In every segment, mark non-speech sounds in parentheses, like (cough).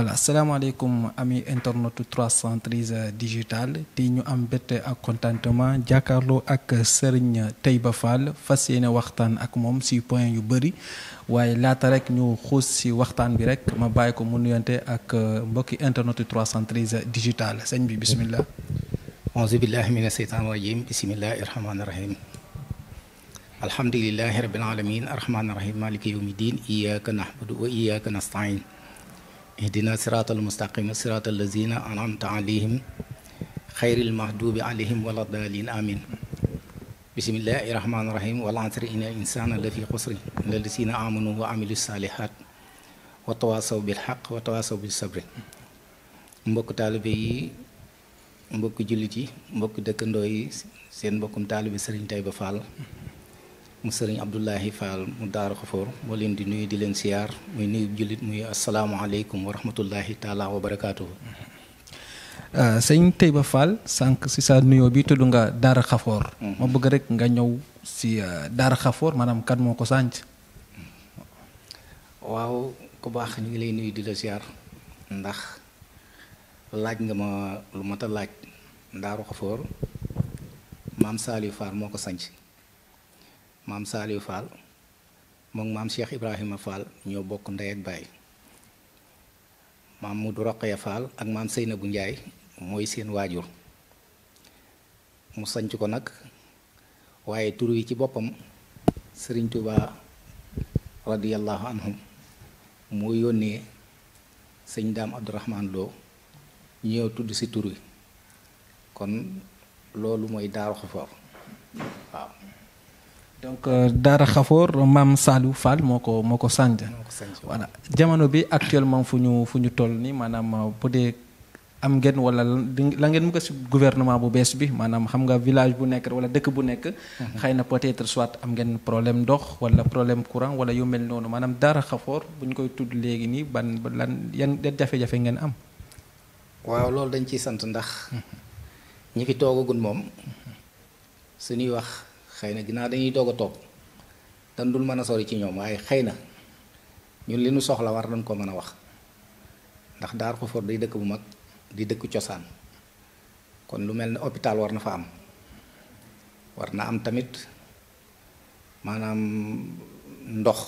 voilà salaamaaleykum ami internaute 313 digital te ñu am mbégte ak contentement jàkkaarloo ak Serigne Taïba Fall fas yéene waxtaan ak moom si point yu bëri waaye laata rek ñu xuus si waxtaan bi rek ma bàyyi ko mu nuyonte ak euh, mbokki internaute 313 digital sëñ bi bisimilah. auzu billahi mina seytaan rajim bisimilahi rahmaani rahim. alhamdulilahi rabbil alamin arrahmaani rahim ihdina siraatal mustaqima siraatal lazina an'amta alayhim xayril mahdubi alayhim wala daalin amin bismillahi rahmaani rahim wal asri inna insana la fi xusri illa lazina amanu wa amilu salihat wa tawasaw bil xaq wa tawasaw bil sabri mbokk taalibe yi mbokk jullit yi mbokk dëkkandoo yi seen mbokkum taalibe Sëriñ Taïba Fall mu sëriñ Abdoulahi Fall mu Daara Xafoor moo leen di nuyu di leen siyaar muy nuyu jullit muy asalaamualeykum wa rahmatullahi taala wa barakaatu. Euh, sëñ Taïba Fall sànq si sa nuyo bi tudd nga Daara Xafoor. Mm-hmm. ma bëgg rek nga ñëw si euh, Daara Xafoor moo ko sànc. Mm-hmm. waaw ñu ngi lay nuyu di la siyaar ndax laaj nga ma lu mat a laaj Daaru Xafoor maam Saliou Fall moo ko sànc. maam Saliou Fall moom maam Cheikh Ibrahima Fall ñoo bokk ndey ak baay maam Modou Rokhaya Fall ak maam Seynabou njaay mooy seen waajur mu sanc ko nag waaye tur yi ci boppam Sëriñ Tuubaa radiyallahu anhum moo yónnee sëñ Daam Abdourahman Lo ñëw tudd ci tur wi kon loolu mooy Daaru Xufoor waaw donc euh, Daara Khafor maam Saliou Fall moo ko moo ko sànc voilà jamono bi actuellement fu ñu fu ñu toll nii maanaam euh, bu dee am ngeen wala la ngeen mu ko si gouvernement bu bees bi maanaam xam nga village bu nekk wala dëkk bu nekk. Mhm. xëy na peut-être soit am ngeen problème ndox wala problème courant wala yu mel noonu maanaam Daara xafoor bu ñu koy tudd léegi nii ban lan yan jafe-jafe ngeen am. waaw loolu dañ ciy sant ndax. Mhm. ñi fi toogagun moom nuy mhm. wax. xëy na ginnaaw dañuy doog a toog dan mën a sori ci ñoom waaye xëy na ñu li nu soxla war nañ ko mën a wax ndax daar xufoor day dëkk bu mag di dëkk cosaan kon lu mel ni hôpital war na fa am war na am tamit maanaam ndox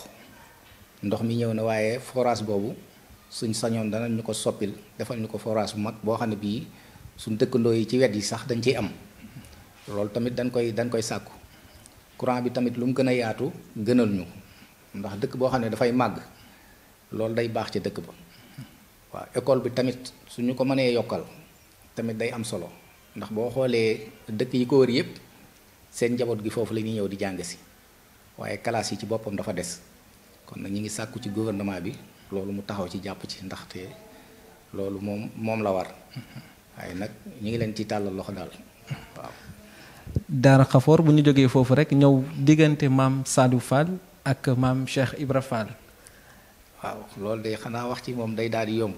ndox mi ñëw na waaye forage boobu suñ sañoon dana ñu ko soppil defal ñu ko forage bu mag boo xam ne bii suñ dëkkandoo yi ci wet yi sax dañ ciy am loolu tamit dañ koy dañ koy sàkku courant bi tamit lu mu gën a yaatu gënal ñu ndax dëkk boo xam ne dafay màgg loolu day baax ci dëkk ba waaw école bi tamit su ñu ko mënee yokkal tamit day am solo ndax boo xoolee dëkk yi ko wër yépp seen njaboot gi foofu la ñuy ñëw di jàng si waaye classe yi ci boppam dafa des kon nag ñu ngi sàkku ci gouvernement bi loolu mu taxaw ci jàpp ci ndax ndaxte loolu moom moom la war waaye nag ñu ngi leen ci tàllal loxo daal waaw. daara xafoor bu ñu jógee foofu rek ñëw diggante maam Sadou Fall ak maam Cheikh Ibra Fall. waaw loolu de xanaa wax ci moom day daal di yomb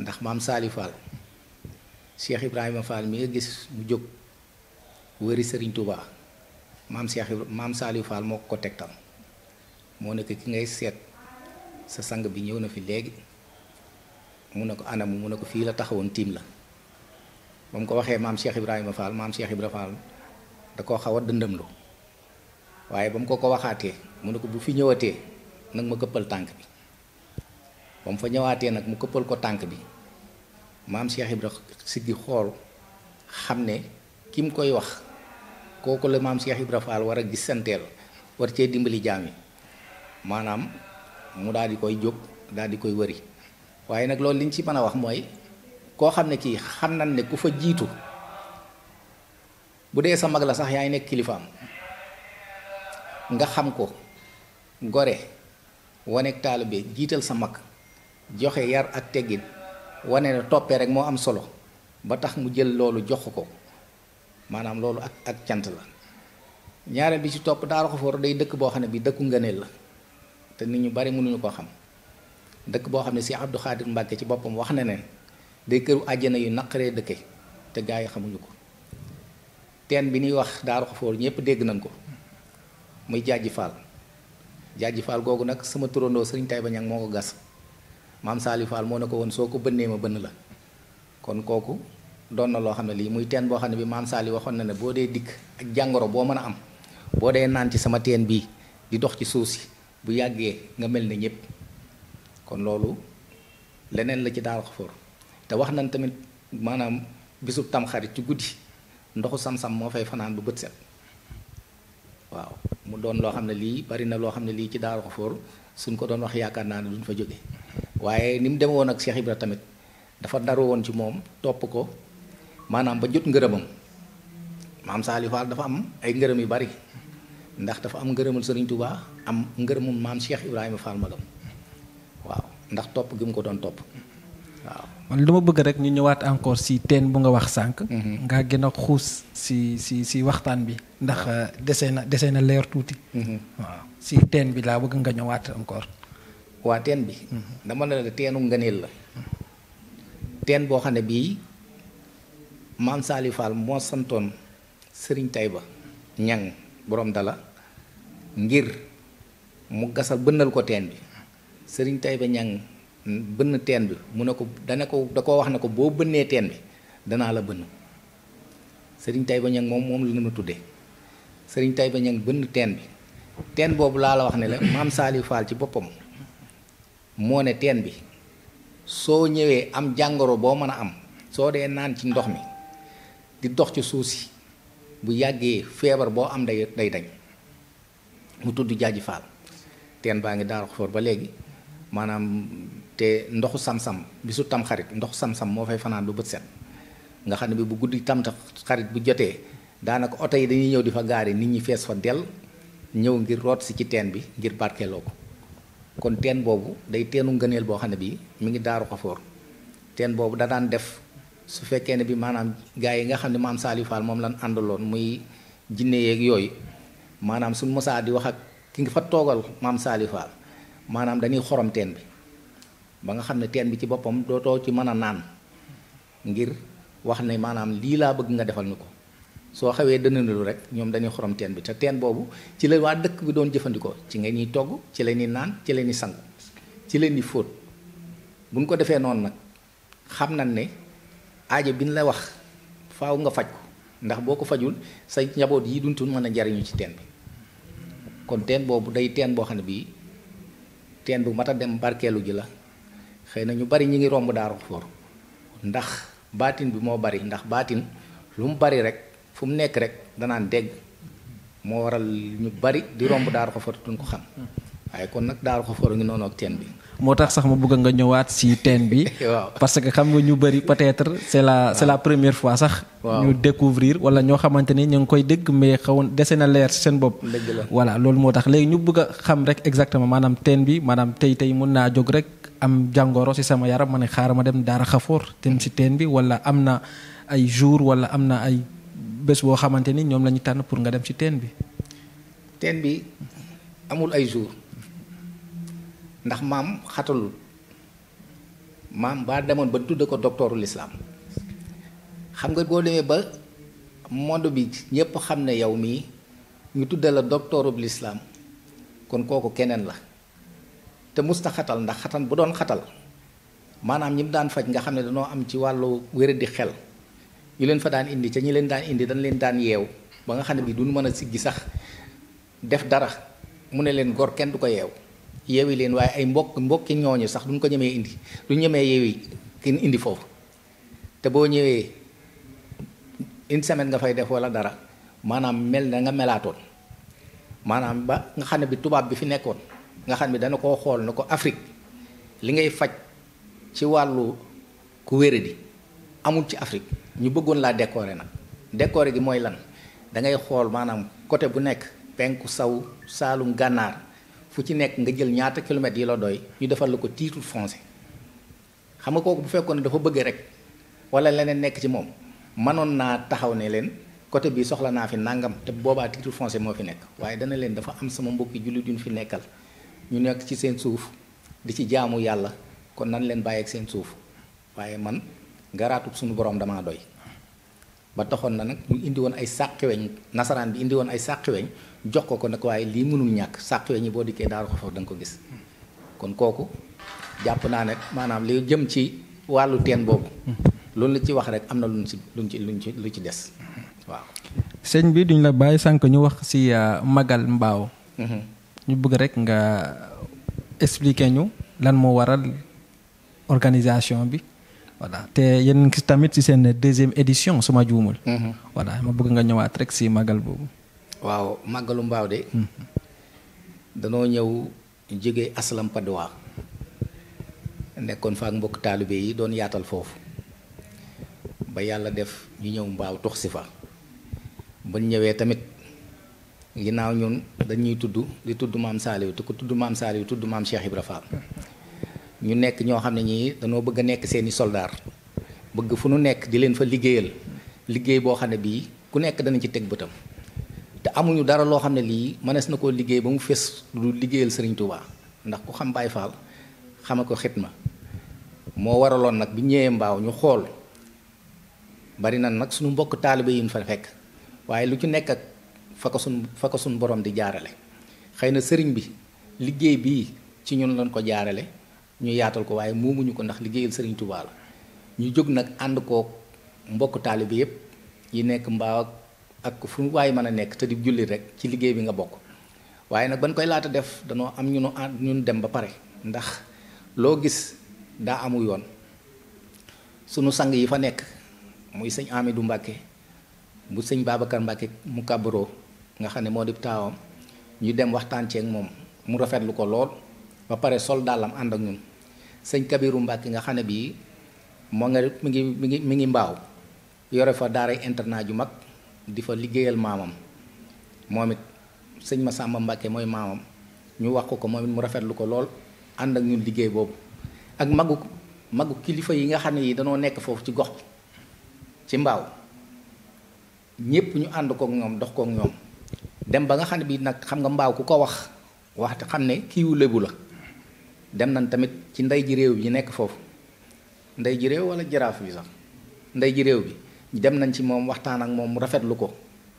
ndax maam Saliou Fall Cheikh Ibrahima Fall mi nga gis mu jóg wëri sëriñ Touba maam Cheikh maam Saliou Fall moo ko tegtal moo nekk ki ngay seet sa sang bi ñëw na fi léegi mu ne ko anam mu ne ko fii la taxawoon tiim la. ba mu ko waxee maam Cheikh Ibrahima Fall maam Cheikh Ibrahima Fall da koo xaw a dëndëmlu waaye ba mu ko ko waxaatee mu ne ko bu fi ñëwatee nag ma këppal tànk bi ba mu fa ñëwaatee nag mu këppal ko tànk bi maam Cheikh Ibrahima siggi xool xam ne ki mu koy wax kooku la maam Cheikh Ibrahima Fall war a gis santeel war cee dimbali jaam yi maanaam mu daal di koy jóg daal di koy wëri waaye nag loolu liñ ci mën a wax mooy koo xam ne kii xam nañ ne ku fa jiitu bu dee sa mag la sax yaay nekk kilifaam nga xam ko gore waneeg taalibe jiital sa mag joxe yar ak teggin wane ne toppee rek moo am solo ba tax mu jël loolu jox ko maanaam loolu ak ak cant la ñaareel bi ci topp Daaru Xafoor day dëkk boo xam ne bi dëkku ngëneel la te nit ñu bari mënuñu ko xam dëkk boo xam ne si Abdou Khadir Mbàkke ci boppam wax ne ne day këru àjjana yu naqaree dëkke te gaa yi xamuñu ko teen bi ñuy wax daaru xafoor ñëpp dégg nañ ko muy jaaji faal jaaji faal googu nag sama turandoo sëriñ tay Ñaŋ moo ko gas maam Saali Faal moo ne ko woon soo ko bënnee ma bënn la kon kooku doon na loo xam ne lii muy teen boo xam ne bi maam Saali waxoon na ne boo dee dikk ak jàngoro boo mën a am boo dee naan ci sama teen bii di dox ci suuf si bu yàggee nga mel na ñépp kon loolu leneen la ci daaru xafoor te wax nañ tamit maanaam bisub tamxarit ci guddi ndoxu sam-sam moo fay fanaan bu bët set waaw mu doon loo xam ne lii bari na loo xam ne lii ci Daaru Xafoor suñ ko doon wax yaakaar naa ne duñ fa jóge waaye ni mu deme woon ak Cheikh Ibra tamit dafa daru woon ci moom topp ko maanaam ba jot ngërëmam maam Saliou Fall dafa am ay ngërëm yu bari ndax dafa am ngërëmul Serigne Touba am ngërëmul maam Cheikh Ibrahima Fall magam waaw ndax topp gi mu ko doon topp waaw man ma bëgg rek ñu ñëwaat encore si teen bu nga wax sànq. Mhm. nga gën a xuus si si waxtaan bi ndax euh, dese na dese na leer tuuti. Mhm. waaw si teen bi laa bëgg nga ñëwaat encore. waa teen bi. Mhm. dama ne la teenu ngëneel la. teen boo xam ne bii maam Saliou Fall moo santoon Serigne Taïba ñang borom dala ngir mu gasal bënnal ko teen bi Serigne Taïba ñang bënn teen bi mu ne ko dana ko da koo wax ne ko boo bënnee teen bi danaa la bënn sëriñ Taïba Niang moom moom la mu tuddee sëriñ Taïba Niang bënn teen bi teen boobu laa la wax ne la maam Saliou Fall ci boppam moo ne teen bi soo ñëwee am jàngoro boo mën a am soo dee naan ci ndox mi di dox ci suuf si bu yàggee feebar boo am day day dañ mu tudd Jaaji Fall teen baa ngi daar xofor ba léegi maanaam te ndoxu sam-sam bisu tam xarit ndoxu sam-sam moo fay fanaan bu bët set nga xam ne bi bu guddi tam xarit bu jotee daanaka oto yi dañuy ñëw di fa gaari nit ñi fees fa del ñëw ngir root si ci teen bi ngir barkeeloo ko kon teen boobu day teenu ngëneel boo xam ne bii mu ngi daaru xafoor teen boobu da daan def su fekkee ne bi maanaam gars yi nga xam ne maam Saliou moom lan àndaloon muy jinne yeeg yooyu maanaam suñ mosaa di wax ak ki nga fa toogal maam maanaam dañuy xorom bi ba nga xam ne teen bi ci boppam dootoo ci mën a naan ngir wax ne maanaam lii laa bëgg nga defal ñu ko soo xawee dënënalu rek ñoom dañuy xorom teen bi te teen boobu ci la waa dëkk bi doon jëfandikoo ci nga ñuy togg ci la ñuy naan ci la ñuy ci la ñuy fóot buñ ko defee noonu nag xam nañ ne aajo bi ñu wax faaw nga faj ko ndax boo ko fajul sa njaboot yi duntun mën a jariñu ci teen bi kon teen boobu day teen boo xam ne bii teen bu mat a dem barkeelu gi la xëy na ñu bari ñu ngi romb daaru foor ndax baatin bi moo bari ndax baatin lu mu bari rek fu mu nekk rek danaan dégg moo waral ñu bari di romb daaru xofor duñ ko xam waaye kon nag daaru xofor ngi noonu ak teen bi moo tax sax ma bëgg nga ñëwaat si teen bi (laughs) waaw parce que xam nga ñu bëri peut-être c'est la c'est la première fois sax ñu découvrir wala ñoo xamante ni ñu ngi koy dégg mais xawoon dese na leer si seen bopp voilà loolu moo tax léegi ñu bëgg xam rek exactement maanaam teen bi maanaam tey tey mën naa jóg rek am jàngoro si sama yaram ma ne xaaral ma dem daara xafoor ten si teen bi wala am na ay jour wala am na ay bés boo xamante ni ñoom la tànn pour nga dem si teen bi. teen bi amul ay jour ndax maam xatalul maam baa demoon ba tudd ko docteuru lislaam xam nga boo demee ba monde bi ñépp xam ne yow mii ñu tudd la docteuru lislaam kon kooku keneen la. te musta xatal ndax xatan bu doon xatal maanaam ñi mu daan faj nga xam ne dañoo am ci wàllu wéradi xel ñu leen fa daan indi ca ñi leen daan indi dañ leen daan yeew ba nga xam ne bi duñ mën a siggi sax def dara mu ne leen gor kenn du ko yeew yeewi leen waaye ay mbokk mbokki ñooñu sax duñ ko ñemee indi duñ ñemee yeewi kin indi foofu te boo ñëwee une semaine nga fay def walla dara maanaam mel na nga melaatoon maanaam ba nga xam bi tubaab bi fi nekkoon nga xam ni dana koo xool na ko Afrique li ngay faj ci wàllu ku wéradi amul ci Afrique ñu bëggoon laa décorer nag décorer gi mooy lan da ngay xool maanaam côté bu nekk penku saw saalum gànnaar fu ci nekk nga jël ñaata kilomètres yi la doy ñu defal la ko titre foncé xam nga kooku bu fekkoon ne dafa bëgg rek wala leneen nekk ci moom mënoon naa taxaw ne leen côté bi soxla naa fi nangam te boobaa titre foncé moo fi nekk waaye dana leen dafa am sama mbokki jullit yu ñu fi nekkal ñu nekk ci seen suuf di ci jaamu yàlla kon nan leen bàyyeek seen suuf waaye man garaatu sunu boroom damaa doy ba taxoon na nag ñu indi woon ay sàqiweñ nasaraan bi indi woon ay sàqiweñ jox ko ko nag waaye lii mënul ñàkk sàqiweñ yi boo dikkee daaru xofof da nga ko gis kon kooku jàpp naa ne maanaam li jëm ci wàllu teen boobu loolu la ci wax rek am na luñ ci lu ci luñ ci lu ci des waaw sëñ bi duñ la bàyyi sànq ñu wax ci euh, magal mbaaw mhm. ñu bëgg rekk nga expliquer ñu lan moo waral organisation bi voilà te yéen tamit ci seen deuxième édition suma juumul. Mhm. voilà ma bëgg nga ñëwaat rek ci màggal boobu. waaw màggalu mbaaw de. Mhm. danoo ñëw jóge aslam nekkoon fa ak mbokk taalibe yi doon yaatal foofu ba yàlla def ñu ñëw mbaaw tux fa. ba ñëwee tamit. ginnaaw ñun dañuy tudd di tudd maam Saliou te ku tudd maam Saliou tudd maam Cheikh Ibra Fall ñu nekk ñoo xam ne ñii dañoo bëgg a nekk seeni soldaar bëgg fu nu nekk di leen fa liggéeyal liggéey boo xam ne bii ku nekk dana ci teg bëtam te amuñu dara loo xam ne lii mënees na koo liggéey ba mu fes lu liggéeyal Serigne Touba ndax ku xam Baye xam xama ko ma moo waraloon nag bi ñëwee mbaaw ñu xool bari na nag suñu mbokk taalibe yi ñu fa fekk waaye lu nekk fa ko sun fa di jaarale xëy na sëriñ bi liggéey bii ci ñun lañ ko jaarale ñu yaatal ko waaye moomuñu ko ndax liggéeyal sëriñ Tuubaa ñu jóg nag ànd koo mbokk taalibe yépp yi nekk mbaaw ak fu waaye mën a nekk te di julli rek ci liggéey bi nga bokk waaye nag ban koy laata def danoo am ñunu nu ñun dem ba pare ndax loo gis daa amul yoon sunu sang yi fa nekk muy sëñ Amidou Mbàkke bu sëñ Babacar Mbàkke mu kàbbaroo nga xam ne moo di taawam ñu dem waxtaan ceeg moom mu rafetlu ko lool ba pare sol dàllam ànd ak ñun sëñ Kabiru Mbàkke nga xam ne bii moo nga mi ngi mi ngi mi ngi mbaaw yore fa daaray internat ju mag di fa liggéeyal maamam moom it sëñ Masamba Mbàkke mooy maamam ñu wax ko ko moom it mu rafetlu ko lool ànd ak ñun liggéey boobu ak magu magu kilifa yi nga xam ne yi danoo nekk foofu ci gox ci mbaaw ñépp ñu ànd kook ñoom dox kook ñoom dem ba nga xam ne bii nag xam nga mbaaw ku ko wax waxtu xam ne kiiwu lébu la dem nañ tamit ci ndey ji réew bi nekk foofu ndey ji réew wala jaraaf bi sax ndey ji réew bi dem nañ ci moom waxtaan ak moom rafetlu ko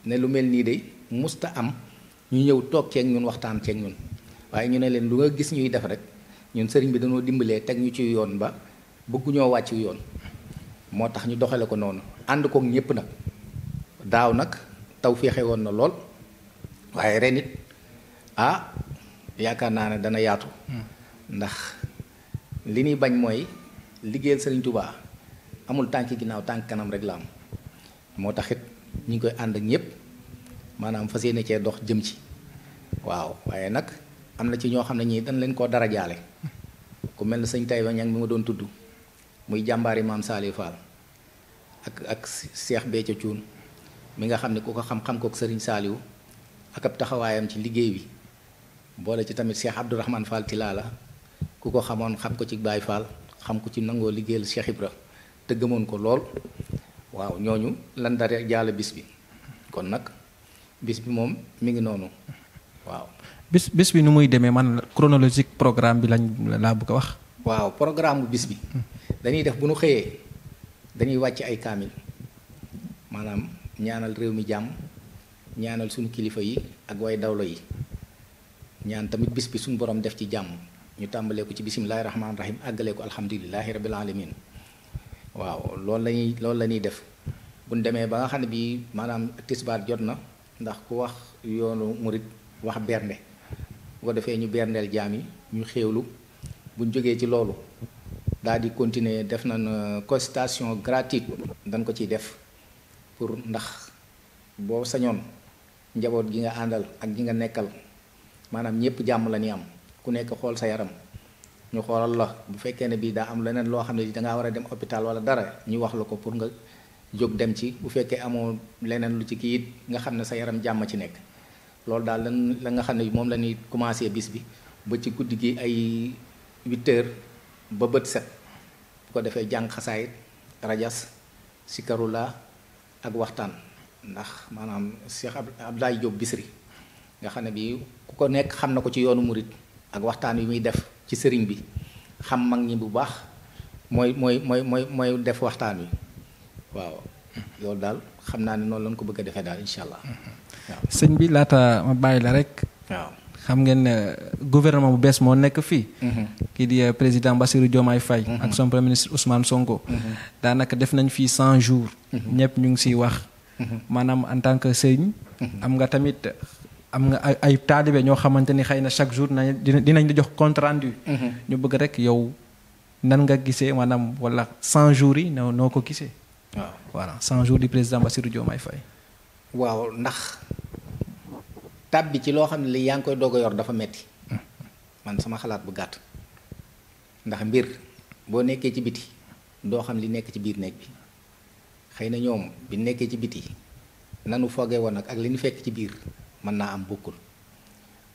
ne lu mel nii de musta am ñu ñëw toog ceeg ñun waxtaan ceeg ñun waaye ñu ne leen lu nga gis ñuy def rek ñun sëriñ bi dañoo dimbalee teg ñu ci yoon ba bëgguñoo wàcc yoon moo tax ñu doxale ko noonu ànd koog ñépp nag daaw nag taw féexe woon na lool waaye ren it ah yaakaar naa ne dana yaatu. Hmm. ndax li ñuy bañ mooy liggéeyal Serigne Touba amul tànk ginnaaw tànk kanam rek la am moo tax it ñu ngi koy ànd ak ñëpp maanaam fas yéene cee dox jëm ci waaw waaye nag am na ci ñoo xam ne ñii dañ leen koo dara jaale ku mel ne sëñ Taïba Niang mi nga doon tudd muy jàmbaari maam Saliou Fall ak ak Cheikh Béthio Thioune mi nga xam ne ku ko xam-xam kook sëriñ Saliou. ak ab taxawaayam ci liggéey bi boole ci tamit Cheikh Abdourahman Fall la ku ko xamoon xam ko ci Baye Fall xam ko ci nangoo liggéeyal Cheikh Ibra te gëmoon ko lool waaw ñooñu lan dara jaala bis bi kon nag bis bi moom mi ngi noonu waaw. bis bis bi nu muy demee man chronologique programme bi lañ laa bëgg a wax. waaw programme bu bis bi hmm. dañuy def bu nu xëyee dañuy wàcc ay kaamil maanaam ñaanal réew mi jàmm. ñaanal suñu kilifa yi ak way dawlo yi ñaan tamit bis bi suñu borom def ci jàmm ñu tàmbalee ko ci bisimilahi rahmaani rahim àggalee ko alhamdulilahi rabil alamin waaw loolu lañuy ñuy loolu la def bu ñu demee ba nga xam ne bii maanaam tisbaar jot na ndax ku wax yoonu murit wax bernde bu ko defee ñu berndeel jaam yi ñu xéewlu bu ñu jógee ci loolu daal di continuer def nañ euh, consultation gratuite dañ ko ciy def pour ndax boo sañoon. njaboot gi nga àndal ak gi nga nekkal maanaam ñépp jàmm la ñuy am ku nekk xool sa yaram ñu xoolal la bu fekkee ne bii daa am leneen loo xam ne dangaa war a dem hôpital wala dara ñu wax la ko pour nga jóg dem ci bu fekkee amoo leneen lu ci kii it nga xam ne sa yaram jàmm ci nekk loolu daal lan la nga xam ne moom la ñuy commencé bis bi ba ci guddi gi ay huit ba bët set bu ko defee jàng xasaayit rajas sikarulaa ak waxtaan ndax maanaam Cheikh Abdoulaye Diop Bichri nga xam ne bii ku ko nekk xam na ko ci yoonu murit ak waxtaan wi muy def ci sëriñ bi xam mag ñi bu baax mooy mooy mooy mooy mooy def waxtaan wi waaw loolu daal xam naa ne noonu lañ ko bëgg a defee daal incha allah. waaw sëñ bi laata ma bàyyi la rek. waaw xam ngeen ne gouvernement bu bees moo nekk fii. Mm-hmm. kii di euh, président Bassirou Diomaye Faye. Mm-hmm. ak son premier ministre Ousmane Sonko. Mm-hmm. daanaka def nañ fii 100 jours. ñëpp ñu ngi siy wax. maanaam en tant que sëñ. Mhm. am nga tamit am nga ay ay taalibe ñoo xamante ni xëy na chaque jour dina dinañ la jox compte rendu. Mhm. ñu bëgg rek yow nan nga gisee maanaam walla 100 jour yi noo noo ko gisee. waaw voilà 100 jours di président Bassirou Diomaye Faye. waaw ndax tàbbi ci loo xam ne li yaa ngi koy doog yor dafa metti mhm. man sama xalaat bu gàtt ndax mbir boo nekkee ci biti doo xam li nekk ci biir néeg bi xëy na ñoom bi nekkee ci biti nanu fooge woon nag ak li ñu fekk ci biir mën naa am bokkul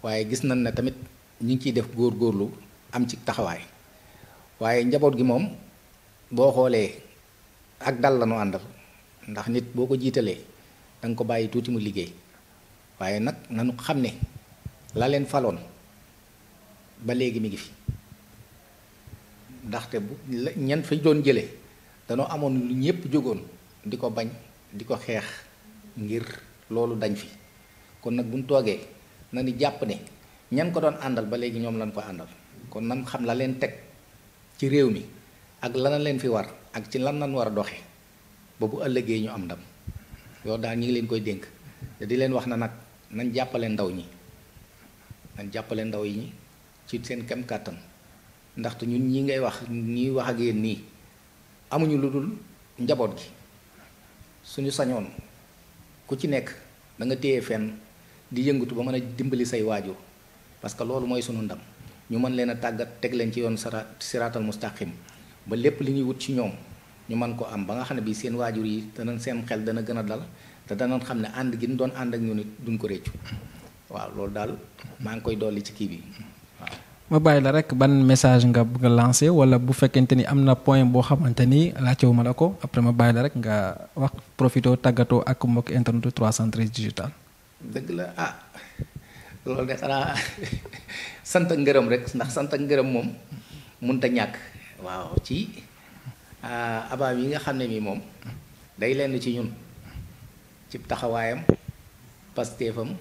waaye gis nañ na tamit ñu ciy def góor góorlu am ci taxawaay waaye njaboot gi moom boo xoolee ak dal la ñu àndal ndax nit boo ko jiitalee da ko bàyyi tuuti mu liggéey waaye nag nanu xam ne la leen faloon ba léegi mi ngi fi ndaxte bu ñan fa doon jëlee danoo amoon lu ñëpp jógoon di ko bañ di ko xeex ngir loolu dañ fi kon nag bu ñu toogee na ni jàpp ne ñan ko doon àndal ba léegi ñoom lañ ko àndal kon nan xam la leen teg ci réew mi ak lana leen fi war ak ci lan lan war a doxe ba bu ëllëgee ñu am ndam yow daal ñu ngi leen koy dénk te di leen wax na nag nañ jàppale ndaw ñi nañ jàppale ndaw yi ci seen kem kàttan ndaxte ñun ñi ngay wax ñi wax ak yéen nii amuñu lu dul njaboot gi suñu sañoon ku ci nekk da nga téye fenn di yëngatu ba mën a dimbali say waajur parce que loolu mooy sunu ndam ñu mën leen a tàggat teg leen ci yoon sara siraatal mustaqim ba lépp li ñuy wut ci ñoom ñu mën ko am ba nga xam ne bii seen waajur yi danañ seen xel dana gën a dal te danañ xam ne ànd gi ñu doon ànd ak ñu nit duñ ko réccu waaw loolu daal maa ngi koy dolli ci kii bi ma bàyyi la rek ban message nga bëgg a lancé wala bu fekkente ni am na point boo xamante ni laajte wu ma la ko après ma bàyyi la rek nga wax profito tàggatoo ak mbokk internetu 313 digital. dëgg la ah loolu de xanaa (laughs) sant ak ngërëm rek ndax sant ak ngërëm moom mënut a ñàkk. waaw ci ah, abaam yi nga xam ne mii moom day lenn ci ñun ci taxawaayam pasteefam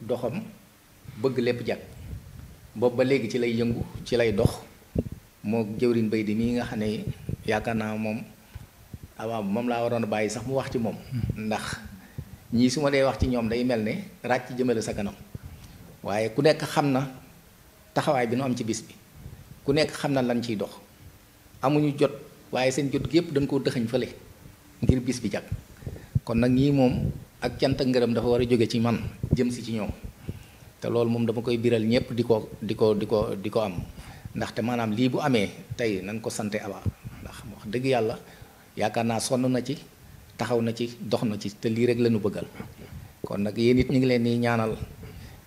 doxam bëgg lépp jag. boobu ba léegi ci lay yëngu ci lay dox moo jëwriñ bay di mii nga xam ne yaakaar naa moom avant moom laa waroon a bàyyi sax mu wax ci moom ndax ñii su ma dee wax ci ñoom day mel ne ràcc jëmale sa kanam waaye ku nekk xam na taxawaay bi nu am ci bis bi ku nekk xam na lan ciy dox amuñu jot waaye seen jot gépp dañ koo dëxañ fale ngir bis bi jag kon nag ñii moom ak cant ak ngërëm dafa war a jóge ci man jëm si ci ñoom te loolu moom dama koy biral ñëpp di ko di ko di ko di ko am ndaxte maanaam lii bu amee tey nañ ko sante Abba ndax mu wax dëgg yàlla yaakaar naa sonn na ci taxaw na ci dox na ci te lii rek lañu bëggal kon nag yéen it ñu ngi leen di ñaanal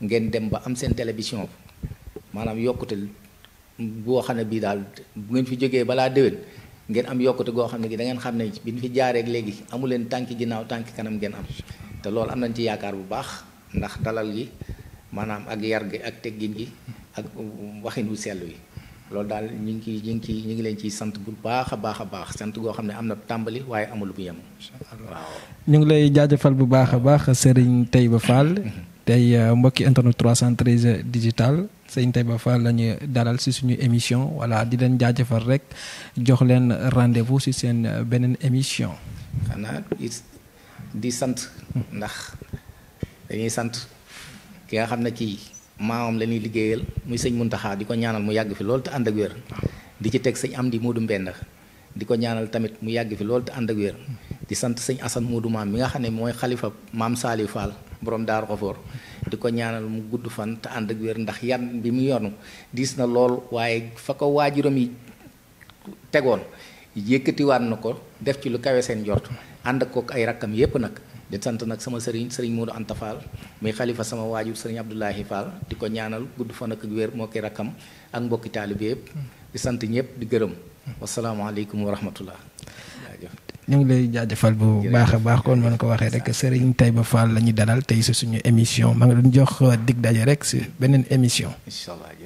ngeen dem ba am seen télévision maanaam yokkute boo xam ne bii daal bu ngeen fi jógee balaa déwén ngeen am yokkute goo xam ne gi da ngeen xam ne bi ñu fi jaareek léegi amu leen tànki ginnaaw tànki kanam ngeen am am nañ ci yaakaar bu baax ndax maanaam ak yar gi ak teggiin gi ak waxin wu sell wi loolu daal ñu ngi ciy ñu ñu ngi leen ciy sant bu baax a baax a baax sant goo xam ne am na tàmbali waaye amul bu yem. waaw ñu ngi lay jaajëfal bu baax a baax Serigne ba Fall. (laughs) tey euh, mbokki internet 313 digital Serigne Taïba Fall la lañuy dalal si suñu émission voilà di leen jaajëfal rek jox leen rendez-vous si seen euh, beneen émission. xanaa di sant. ndax dañuy sant. ki nga xam ne kii maamam la ñuy liggéeyal muy sëñ Muntaxa di ko ñaanal mu yàgg fi loolu te ànd di ci teg sëñ Amdi Moodu Mbend di ko ñaanal tamit mu yàgg fi lool te ànd ak wér di sant sëñ Assane Moodu maam mi nga xam ne mooy xalifa maam Saliou Fall borom Daaru Xafoor di ko ñaanal mu gudd fan te ànd ak wér ndax yan bi mu yonu diis na lool waaye fa ko waajuram yi tegoon yëkkatiwaat na ko def ci lu kawe seen jort ànd ak kook ay rakkam yépp nag di sant nag sama sëriñ sëriñ Modou Anta Fall muy xalifa sama waajur sëriñ Abdoulahi Fall di ko ñaanal gudd fa ak wér moo ki rakkam ak mbokki taalibe yëpp di sant ñëpp di gërëm wasalaamaaleykum wa rahmatullah ñu ngi lay jaajëfal bu baax a baax kon mën ko waxee rek Serigne Taïba Fall la ñu dalal tey si suñu émission ma ngi doon jox dig daje rek si beneen émission. incha